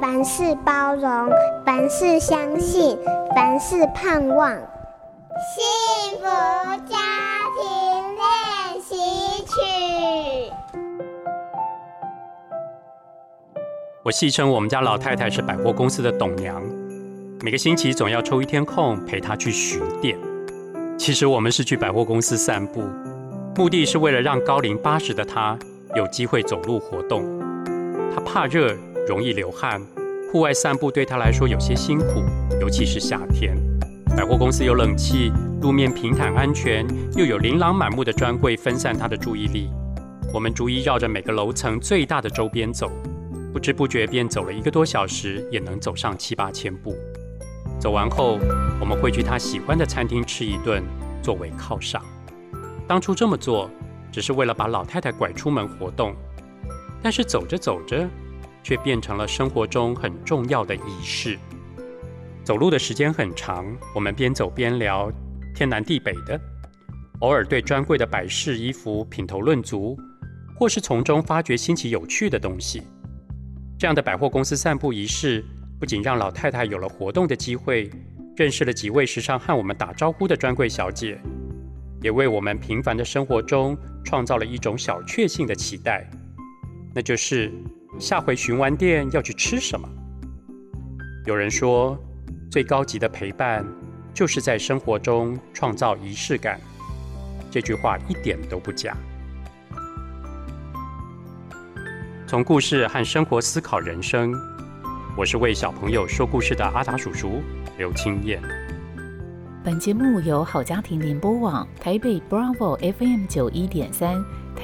凡事包容，凡事相信，凡事盼望。幸福家庭練習曲。我戲稱我們家老太太是百貨公司的董娘，每個星期總要抽一天空陪她去巡店。其實我們是去百貨公司散步，目的是為了讓高齡八十的她有機會走路活動。她怕熱。容易流汗，戶外散步對他來說有些辛苦，尤其是夏天。百貨公司有冷氣，路面平坦安全，又有琳琅滿目的專櫃分散他的注意力。我們逐一繞着每個樓層最大的周邊走，不知不覺便走了一個多小時，也能走上七八千步。走完後，我們會去他喜歡的餐廳吃一頓，作為犒賞。當初這麼做，只是為了把老太太拐出門活動，但是走着走着。卻變成了生活中很重要的儀式。走路的時間很長，我們邊走邊聊，天南地北的，偶爾對專櫃的擺飾、衣服品頭論足，或是從中發掘新奇有趣的東西。這樣的百貨公司散步儀式，不僅讓老太太有了活動的機會，認識了幾位時常和我們打招呼的專櫃小姐，也為我們平凡的生活中創造了一種小確幸的期待，那就是。下回巡完店要去吃什麼？有人說，最高級的陪伴就是在生活中創造儀式感。這句話一點都不假。從故事和生活思考人生，我是為小朋友說故事的阿達叔叔劉清彥。本節目由好家庭聯播網台北 Bravo FM 九一點三。